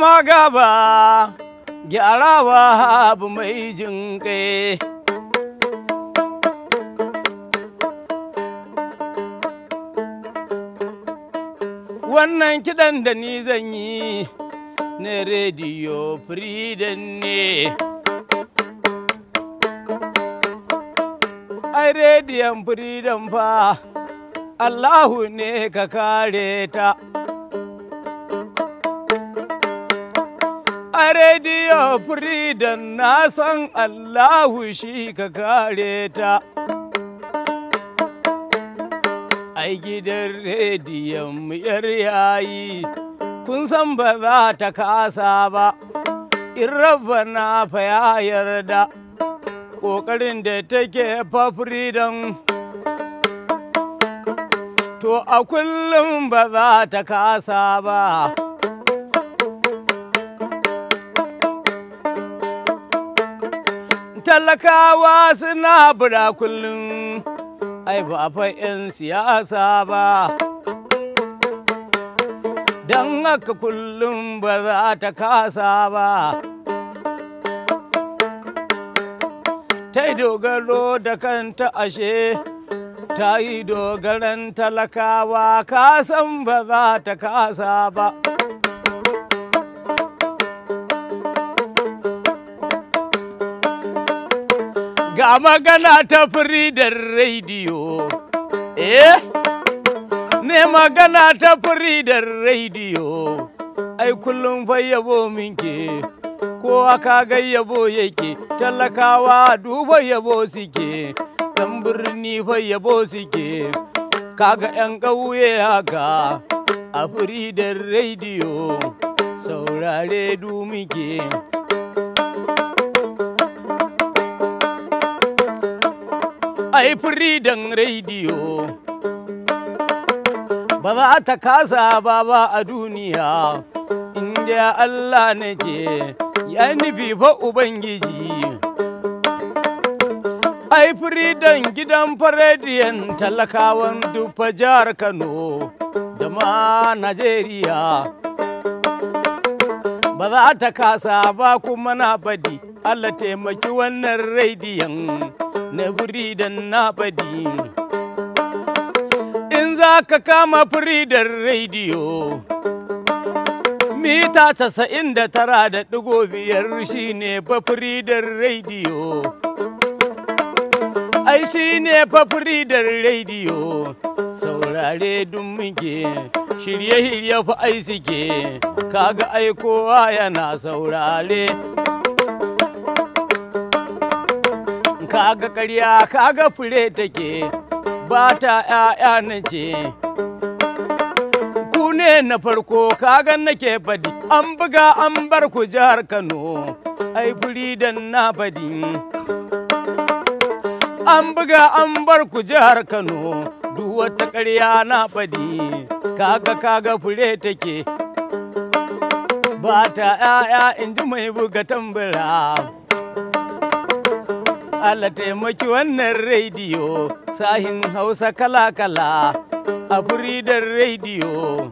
zama gaba gyarawa abu mai jin kai wannan kiɗan da ni zan yi na rediyo freedom ne ai rediyon freedom fa allahu ne ka kare ta a rediyo freedom na san Allahu shi ka kare ta. Ai gidan rediyon mu yar yayi, kun san ba za ta kasa ba, in rabba na fa ya yarda, ƙoƙarin da take fa freedom To a kullum ba za ta kasa ba. talakawa suna bura kullum ai ba fa 'yan siyasa ba don haka kullum ba za ta kasa ba ta yi dogaro da kanta ashe ta yi dogaran talakawa kasan ba za ta kasa ba ga magana ta firidar rediyo eh ne magana ta firidar rediyo ai kullum fayyabo minke aka ka yabo yake talakawa duba yabo suke dan birni fayyabo suke kaga 'yan ƙauye haka a firidar rediyo saurare du minke. ai freedom radio ba za ta kasa ba ba a duniya inda Allah na ce ya nufi fa ubangiji ai freedom gidan farediyan talakawan dufa jihar Kano da ma Najeriya ba za ta kasa ba kuma na badi Allah taimaki wannan rediyon na buridan na badi in za ka kama firidar rediyo mita casa'in da tara da ɗigo biyar shi ne fa rediyo ai shi ne fa rediyo saurare dun muke shirye-shirye fa ai suke kaga aikowa yana saurare kaga ƙarya kaga fure take ba ta ‘ya'ya nace ku ne na farko kaga nake badi. an buga an bar ku jihar kano ai dan na badi. an buga an bar ku jihar kano duk wata karya na badi kaga kaga fure take ba ta ‘ya'ya in ji mai buga tambura. Allah taimaki wannan rediyo sahin hausa kala-kala a buridar rediyo.